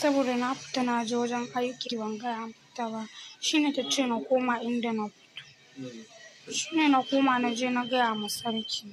saboda na fita na je wajen aiki ban gaya mata ba. Shine ta ce na koma inda na fito. Shine na koma na je na gaya ma sarki.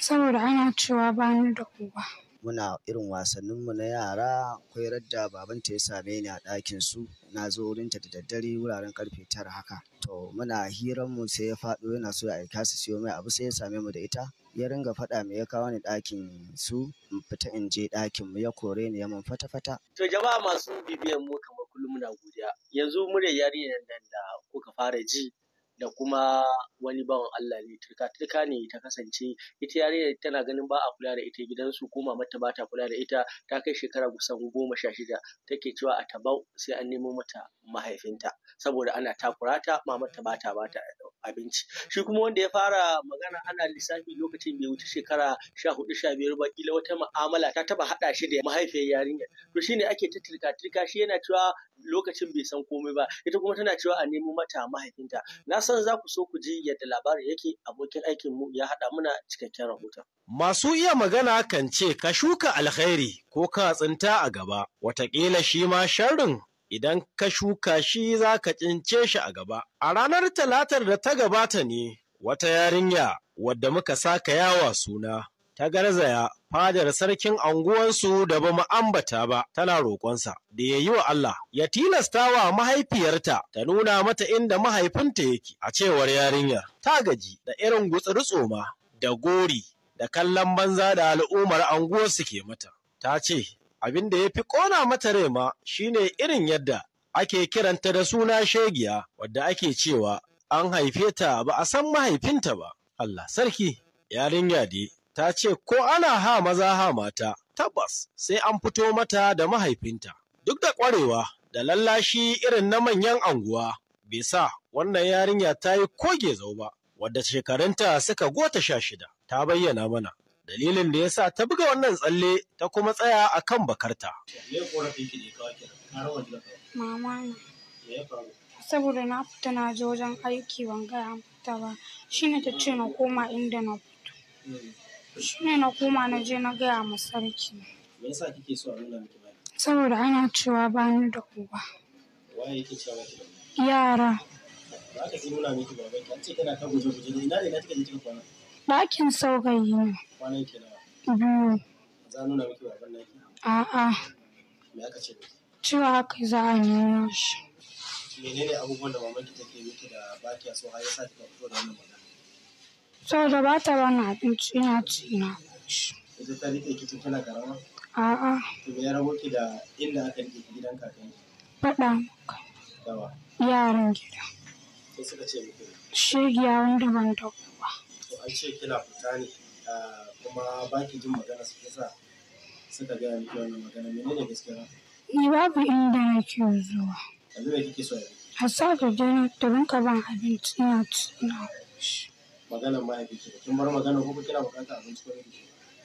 Saboda ana cewa bani da uba. muna irin wasannin mu na yara. Akwai radda babanta ya same ni a ɗakin su, na zo wurinta da daddare wuraren karfe tara haka. To muna hiran mu sai ya faɗo yana so ya aika su siyo mai abu sai ya same mu da ita. Ya ringa faɗa me ya kawo ni ɗakin su, in fita in je ɗakin mu ya kore ni ya mun fata-fata. To jama'a masu bibiyan mu kamar kullum muna godiya. Yanzu mure yarinyar nan da kuka fara ji da kuma wani bawan Allah ne turka-turka ne ta kasance ita yarinyar tana ganin ba a kula da ita gidansu ko mamarta ba ta kula da ita ta kai shekara kusan goma sha shida take cewa a tabau sai an nemo mata mahaifinta saboda ana takura ta mamarta ba ta ba ta abinci shi kuma wanda ya fara magana ana lissafi lokacin bai wuce shekara sha hudu sha biyar ba kila wata mu'amala ta taba haɗa shi da mahaifiyar yarinya to shine ake ta tirka tirka shi yana cewa lokacin bai san komai ba ita kuma tana cewa a nemo mata mahaifinta na san za ku so ku ji yadda labarin yake abokin aikin mu ya haɗa muna cikakken rahoton masu iya magana kan ce ka shuka alkhairi ko ka tsinta a gaba watakila shi ma sharrin idan ka shuka shi za ka tsince shi a gaba. A ranar talatar da ta gabata ne wata yarinya wadda muka saka yawa suna ta garzaya fadar sarkin anguwansu da ba mu ambata ba tana roƙonsa da ya yi wa Allah ya tilasta wa mahaifiyarta ta nuna mata inda mahaifinta yake a cewar yarinyar ta gaji da irin gutsuri da gori da kallon banza da al'ummar anguwarsu ke mata ta ce abin da ya fi ƙona mata rai ma shine irin yadda ake kiranta da suna shegiya wadda ake cewa an haife ta ba a san mahaifinta ba. Allah sarki, yarinya dai ta ce ko ana ha maza ha mata, tabbas sai an fito mata da mahaifinta. Duk da ƙwarewa da lallashi irin na manyan anguwa, bai sa wannan yarinya ta yi koge zau ba, wadda shekarunta suka gota sha shida, ta bayyana mana. dalilin da ya sa ta buga wannan tsalle ta kuma tsaya a kan bakarta. Mama ne. Saboda na fita na je wajen aiki ban gaya fita ba, shi ne ta ce na koma inda na fito. Hmm. Shi ne na koma na je na gaya ma sarki. Me yasa kike so a nuna miki bani? Saboda ana cewa ni da uba. Waye yake cewa ki da Yara. Ba ka nuna miki baban ki, an ce kana ta guje-guje, ina ne na cika je kika kwana? ɗakin saurayi ne. Biyu. A'a. Me aka ce Cewa haka za a nuna shi. Menene abubuwan da mamaki take miki da ba ki so har yasa kika fito da wannan magana? Saboda ba ta bani abinci ina ci ina bacci. Ita ta rike ki tun tana karama? A'a. To me ya rabo ki da inda aka rike ki gidan kakanki? Faɗa maka. Yaran gida. Sai suka ce miki. Shegiya wanda ban dauka. an ce kina fita ne ah, kuma ba ki jin magana su kisa suka gaya miki wannan magana menene gaskiya ni eh, babu inda nake zuwa yanzu me kike so yanzu a sa da dare ta rinka ban abinci na tsina maganar mahaifinki kin bar magana ko kina bukatar abinci ko ne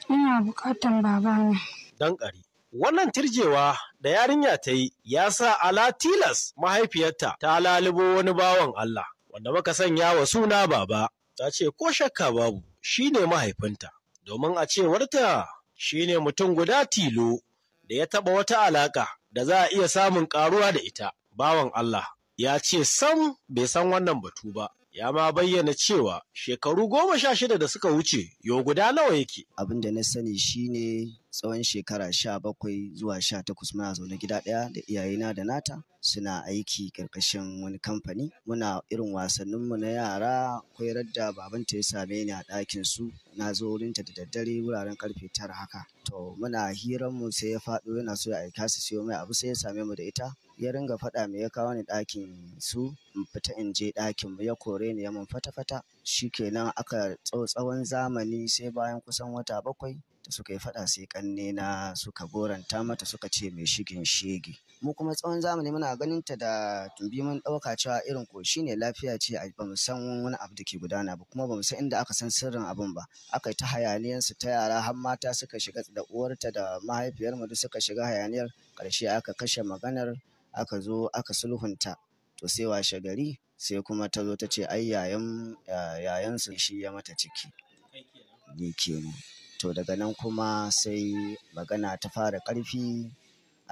ina bukatar babana dan ƙari Wannan tirjewa da yarinya ta yi ya sa ala tilas mahaifiyarta ta lalubo wani bawan Allah, wanda muka sanya wa suna baba. ta ce ko shakka babu shi ne mahaifinta, domin a cewarta shi ne mutum guda tilo da ya taɓa wata alaƙa da za a iya samun ƙaruwa da ita, bawan Allah. Ya ce sam bai san wannan batu ba, ya ma bayyana cewa shekaru goma sha shida da suka wuce yau guda nawa yake. Abin da na sani shine tsawon shekara sha bakwai zuwa sha takwas muna zaune gida ɗaya da iyayena da nata suna aiki ƙarƙashin wani kamfani muna irin wasanninmu na yara akwai radda babanta ya same ni a ɗakin su na zo wurinta da daddare wuraren karfe tara haka to muna hiran mu sai ya faɗo yana so ya aika su siyo mai abu sai ya same mu da ita ya ringa faɗa me ya kawo ni ɗakin su in fita in je ɗakin mu ya kore ni ya mun fata fata shikenan aka tsawon zamani sai bayan kusan wata bakwai da suka yi faɗa sai ƙannena suka goranta mata suka ce mai shigin shege mu kuma tsawon zamani muna ganin ta da tumbi mun ɗauka cewa irin ko shine lafiya ce ba mu san wani abu da ke gudana ba kuma ba mu san inda aka san sirrin abin ba aka yi ta su ta yara har mata suka shiga da uwarta da mahaifiyar mu suka shiga hayaniyar ƙarshe aka kashe maganar aka zo aka sulhunta to sai washe gari sai kuma ta zo ta ce ai yayan su shi ya mata ciki ni kenan to daga nan kuma sai magana ta fara karfi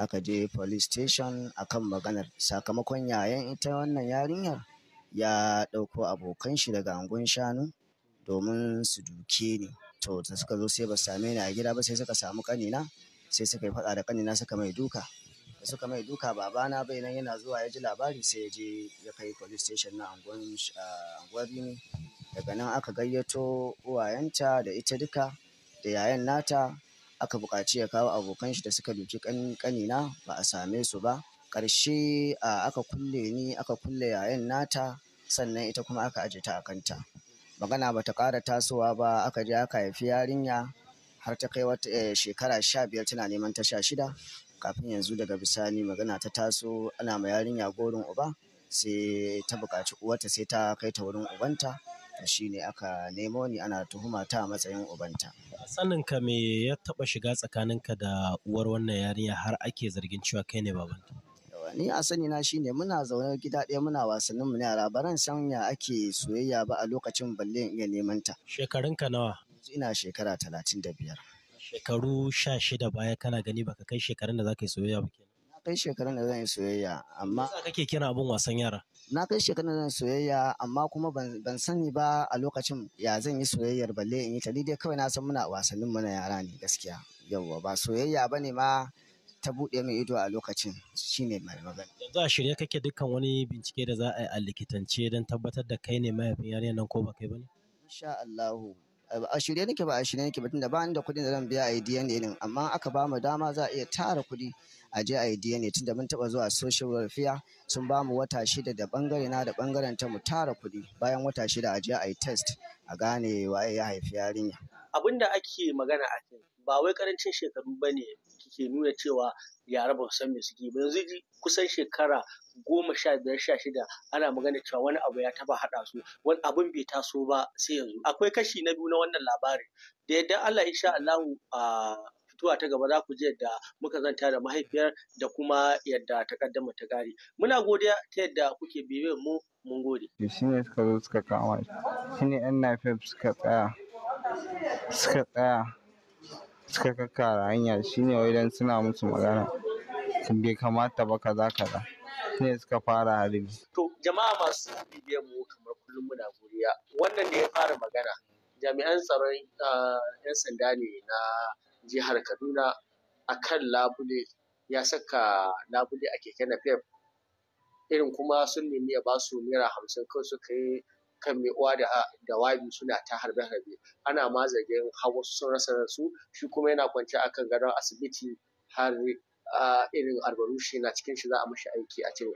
aka je police station akan maganar sakamakon yayan ita wannan yarinyar ya ɗauko abokan shi daga angon shanu domin su duke ni to da suka zo sai ba same ni a gida ba sai suka samu ƙanina sai suka yi faɗa da ƙanina suka mai duka da suka mai duka babana bai nan yana zuwa ya ji labari sai ya je ya kai police station na angon rini daga nan aka gayyato uwayenta da ita duka da yayan nata aka buƙaci ya kawo abokan shi da suka duki ƙanina ba a same su ba ƙarshe aka kulle ni aka kulle yayan nata sannan ita kuma aka aje ta a kanta magana ba ta ƙara tasowa ba aka je aka haifi yarinya har ta kai wata eh, shekara sha biyar tana neman ta sha shida kafin yanzu daga bisani magana ta taso ana ma yarinya gorin uba sai ta buƙaci uwarta sai ta kai ta wurin ubanta shi ne aka nemo ni ana tuhuma ta a matsayin ubanta sanin ka me ya taba shiga tsakaninka da uwar wannan yarinya har ake zargin cewa kai ne babanta ni a sani na shine muna zaune gida ɗaya muna wasannin mu yara baran san ya ake soyayya ba a lokacin balle iya neman ta Shekarun ka nawa ina shekara talatin da biyar shekaru sha shida baya kana gani baka kai shekarun da zaka yi soyayya ba na kai shekarun da zan yi soyayya amma kake kira abun wasan yara na kai shekarar nan soyayya amma kuma ban sani ba a lokacin ya zan yi soyayyar balle in yi ta ni dai kawai na san muna wasannin mu yara ne gaskiya yawwa ba soyayya bane ma ta buɗe min ido a lokacin shine mai magana yanzu a shirye kake dukkan wani bincike da za a yi a likitance don tabbatar da kai ne mahaifin yarinyar nan ko ba kai ne. insha Allahu a shirye nake ba a shirye nake ba tunda ba ni da kuɗin da zan biya a DNA din amma aka ba mu dama za a iya tara kuɗi a je a DNA tunda mun taɓa zuwa social welfare sun ba mu wata shida da bangare na da bangaren ta mu tara kuɗi bayan wata shida a je a test a gane waye ya haifi yarinya. Abin da ake magana a kai ba wai karancin shekaru ba ke nuna cewa yara ba san me suke ba yanzu kusan shekara goma sha biyar sha shida ana magana cewa wani abu ya taba haɗa su wani abun bai taso ba sai yanzu akwai kashi na biyu na wannan labarin da yadda Allah insha Allahu a mutuwa ta gaba za ku ji yadda muka zanta da mahaifiyar da kuma yadda ta kaddama ta gari muna godiya ta yadda kuke biyan mu mun gode shi ne suka zo suka kama shi ne yan suka tsaya suka tsaya suka kakkara hanya shine wai dan suna musu magana bai kamata ba kaza kaza ne suka fara harbi to jama'a masu bibiyar mu kamar kullum muna godiya wannan da ya fara magana jami'an tsaron ah, yan sanda ne na jihar Kaduna akan labule ya saka labule a keke fef irin kuma sun nemi ya ba naira hamsin kawai suka yi kan mai uwa da dawabi suna ta harbe harbe ana ma zargin har sun rasa su, shi kuma yana kwance akan gadon asibiti har irin albarushi na cikin shi za a mashi aiki a cire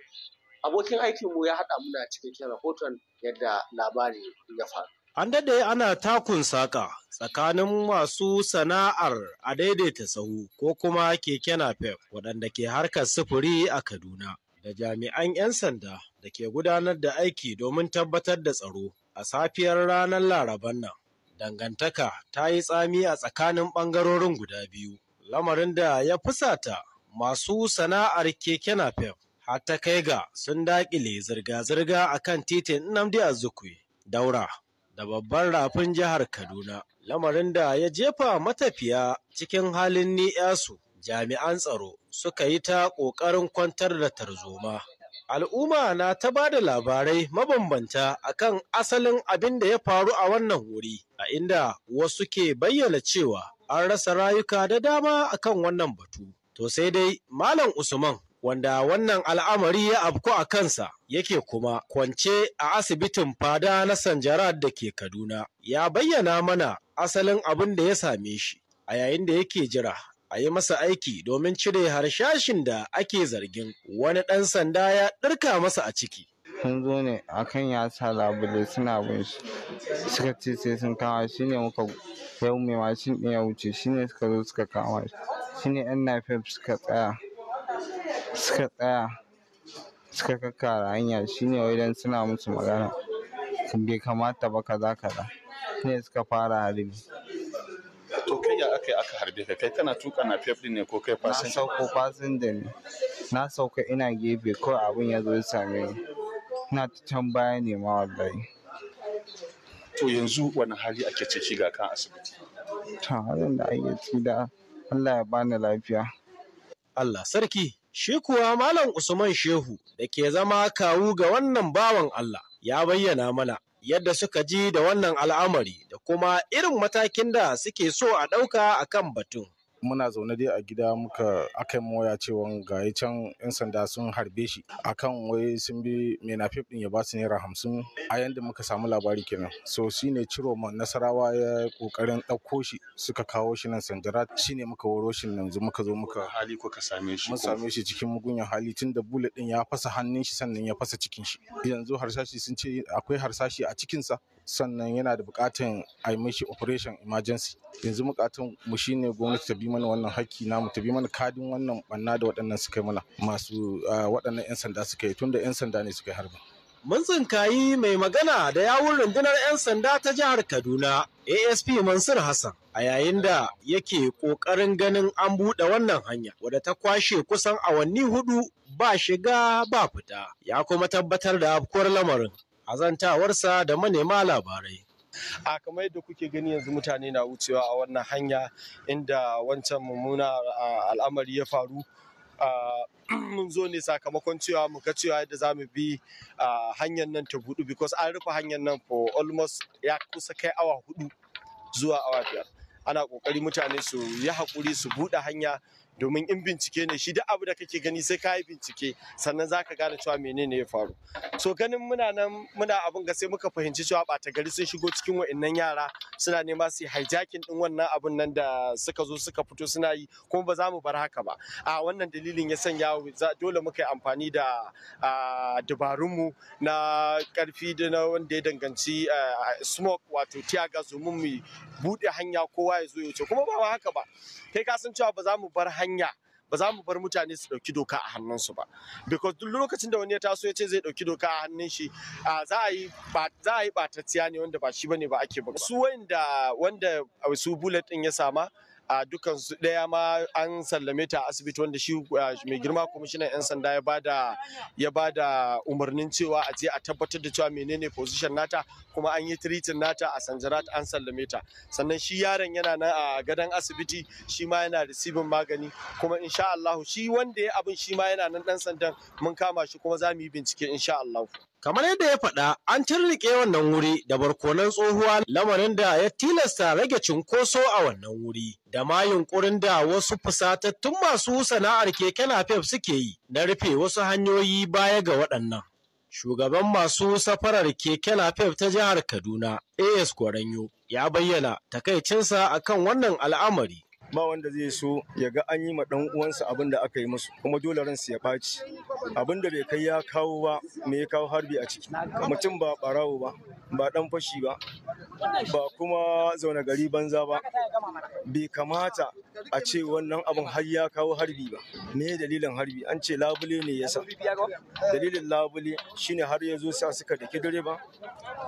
abokin aikin mu ya haɗa muna cikakken rahoton yadda labari ya faru An daɗe ana takun saƙa tsakanin masu sana'ar a daidaita sahu ko kuma keke napep waɗanda ke harkar sufuri a Kaduna. da jami'an 'yan sanda da ke gudanar da aiki domin tabbatar da tsaro a safiyar ranar laraban nan dangantaka ta yi tsami a tsakanin ɓangarorin guda biyu lamarin da ya fusata masu sana'ar keke napep har ta kai ga sun daƙile zirga-zirga a kan titin Nnamdi Azukwe daura da babban rafin jihar Kaduna lamarin da ya jefa matafiya cikin halin ni'yasu jami'an tsaro suka yi ta ƙoƙarin kwantar da tarzoma. Al'umma na ta ba da labarai mabambanta akan asalin abin da ya faru a wannan wuri, a inda wasu ke bayyana cewa an rasa rayuka da dama akan wannan batu. To sai dai Malam Usman wanda wannan al'amari ya afku a kansa yake kuma kwance a asibitin fada na Sanjarad da ke Kaduna ya bayyana mana asalin abin da ya same shi a yayin da yake jira a yi masa aiki domin cire harshashin da ake zargin wani ɗan sanda ya ɗirka masa a ciki. sun zo ne akan ya sa labule suna bin shi suka ce sai sun kama shi ne muka yau mai mashin ɗin ya wuce shi ne suka zo suka kama shi shi ne yan nafef suka tsaya suka tsaya suka kakkara hanya shi ne wajen suna musu magana bai kamata ba kaza kaza shi ne suka fara harbi harbe ka kai tana tuka na fef ne ko kai fasin na sauko fasin da ne na sauka ina gefe ko abin ya zo ya same ni ina ta can baya ne ma wallahi to yanzu wani hali ake ciki ga kan asibiti ta halin da ake ci da Allah ya bani lafiya Allah sarki shi kuwa malam Usman Shehu da ke zama kawu ga wannan bawan Allah ya bayyana mana yadda suka ji da wannan al'amari da kuma irin matakin da suke so a ɗauka a kan batun. muna zaune dai a gida muka aka mu cewa ga can yan sanda sun harbe shi akan wai sun bi mai nafif din ya ba su naira hamsin a yanda muka samu labari kenan so ne ciro ma nasarawa ya kokarin ɗauko shi suka kawo shi nan sanjara ne muka waro shi nan muka zo muka hali ko ka same shi mun same shi cikin mugunyan hali tun da bullet din ya fasa hannun shi sannan ya fasa cikin shi yanzu harsashi sun ce akwai harsashi a cikinsa sannan yana da bukatan a yi mishi operation emergency yanzu bukatan mu shine gwamnati ta bi mana wannan haƙƙi namu ta bi mana kadin wannan banna da waɗannan suka yi mana masu waɗannan 'yan sanda suka yi da 'yan sanda ne suka yi harbin. mun tsinkayi mai magana da yawun rundunar 'yan sanda ta jihar kaduna asp mansur hassan a yayin da yake ƙoƙarin ganin an buɗe wannan hanya wadda ta kwashe kusan awanni hudu ba shiga ba fita ya kuma tabbatar da afkuwar lamarin azantawarsa da manema labarai. a kamar yadda kuke gani yanzu mutane na wucewa a wannan hanya inda wancan mummuna al'amari ya faru mun zo ne sakamakon cewa mu ga cewa yadda za mu bi hanyar nan ta budu because an rufe hanyar nan for almost ya kusa kai awa hudu zuwa awa biyar ana kokari mutane su yi hakuri su buɗe hanya domin in bincike ne shi duk abu da kake gani sai ka yi bincike sannan zaka gane cewa menene ya faru so ganin muna nan muna abun ga sai muka fahimci cewa bata gari sun shigo cikin wa'annan yara suna nema su hijacking din wannan abun nan da suka zo suka fito suna yi kuma ba za mu bar haka ba a wannan dalilin ya sanya dole muka yi amfani da dabarunmu na karfi da na wanda ya danganci smoke wato tiyaga domin mu buɗe hanya kowa ya zo ya wuce kuma ba haka ba kai ka san cewa ba za mu bar hanya hanya ba za mu bar mutane su ɗauki doka a hannunsu ba because duk lokacin da wani ya taso ya ce zai ɗauki doka a hannun shi za a yi za a yi ne wanda ba shi bane ba ake ba su wanda wanda su bullet ɗin ya sama a dukan su daya ma an sallame ta asibiti wanda shi uh, mai girma kwamishinan 'yan sanda ya bada ya bada umarnin cewa a je a tabbatar da cewa menene position nata kuma an yi treating nata a sanjarat an sallame ta sannan shi yaron yana nan a gadon asibiti shi ma yana receiving magani kuma insha Allah shi wanda ya abin shi ma yana nan dan sandan mun kama shi kuma za mu yi bincike insha Allah Kamar yadda ya faɗa, an tirrike wannan wuri da barkonan tsohuwa lamarin da ya tilasta rage cunkoso a wannan wuri, da ma yunƙurin da wasu fusatattun masu sana'ar keke napep suke yi na rufe wasu hanyoyi baya ga waɗannan. Shugaban masu safarar keke napep ta jihar Kaduna, AS Gwaranyo, ya bayyana takaicinsa akan wannan al'amari. ba wanda zai so ya ga an yi ma dan uwansa abin da aka yi musu kuma dole su ya ɓaci abin da bai kai ya kawo ba me ya kawo harbi a ciki mutum ba ɓarawo ba ba dan fashi ba ba kuma zaune gari banza ba bai kamata a ce wannan abin har ya kawo harbi ba me dalilin harbi an ce labule ne yasa dalilin labule shine har ya zo sa suka daki direba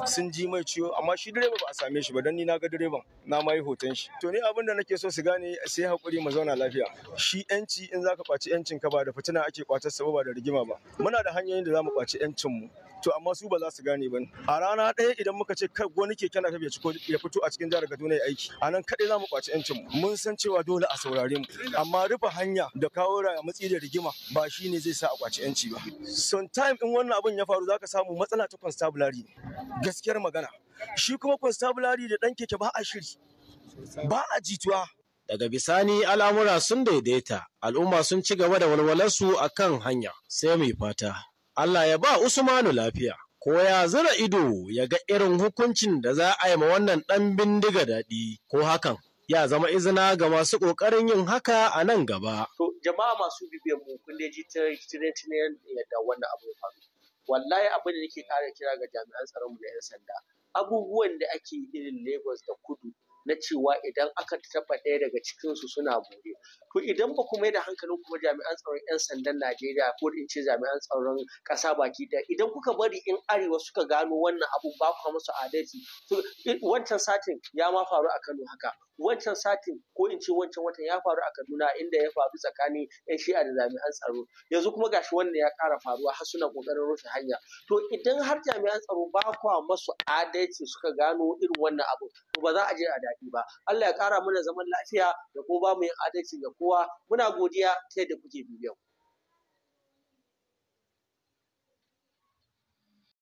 sun ji mai ciwo amma shi direba ba a same shi ba dan ni na ga direban na mai hoton shi to ni abin da nake so su gane sai hakuri mu zauna lafiya shi yanci in zaka kwaci yancin ka ba da fitina ake kwatar sa ba da rigima ba muna da hanyoyin da zamu kwaci yancin mu to amma su ba za su gane ba a rana ɗaya idan muka ce kai wani keke na ya fito a cikin jihar Kaduna ya aiki anan kadai zamu kwaci yancin mu mun san cewa dole a saurare mu amma rufe hanya da kawo matsi da rigima ba shi ne zai sa a kwaci yanci ba sometime in wannan abin ya faru za ka samu matsala ta constabulary gaskiyar magana shi kuma constabulary da dan keke ba a shiri ba a jituwa daga bisani al'amura sun daidaita al'umma sun ci gaba da walwalarsu a kan hanya sai mai fata Allah ya ba Usmanu lafiya ko ya zira ido ya ga irin hukuncin da za a yi ma wannan ɗan bindiga daɗi ko hakan ya zama izina ga masu ƙoƙarin yin haka a nan gaba. To jama'a masu bibiyar mu kun dai ji tirin yadda wannan abu ya Wallahi abin da nake ƙara kira ga jami'an tsaron mu da 'yan sanda. Abubuwan da ake yi irin Lagos da Kudu na cewa idan aka taɓa ɗaya daga cikinsu suna bore To idan ba ku mai da hankalin ku jami'an tsaron 'yan sandan Najeriya ko in ce jami'an tsaron kasa baki da idan kuka bari in arewa suka gano wannan abu ba ku musu adalci wancan satin ya ma faru a Kano haka wancan satin ko in ce wancan watan ya faru a Kaduna inda ya faru tsakanin 'yan shi'a da jami'an tsaro yanzu kuma gashi wannan ya kara faruwa har suna ƙoƙarin rufe hanya to idan har jami'an tsaro ba kwa musu adalci suka gano irin wannan abu ba za a je a daɗi ba Allah ya kara mana zaman lafiya da ko ba mu yin adalci da ko kowa muna godiya ta yadda kuke bibiyan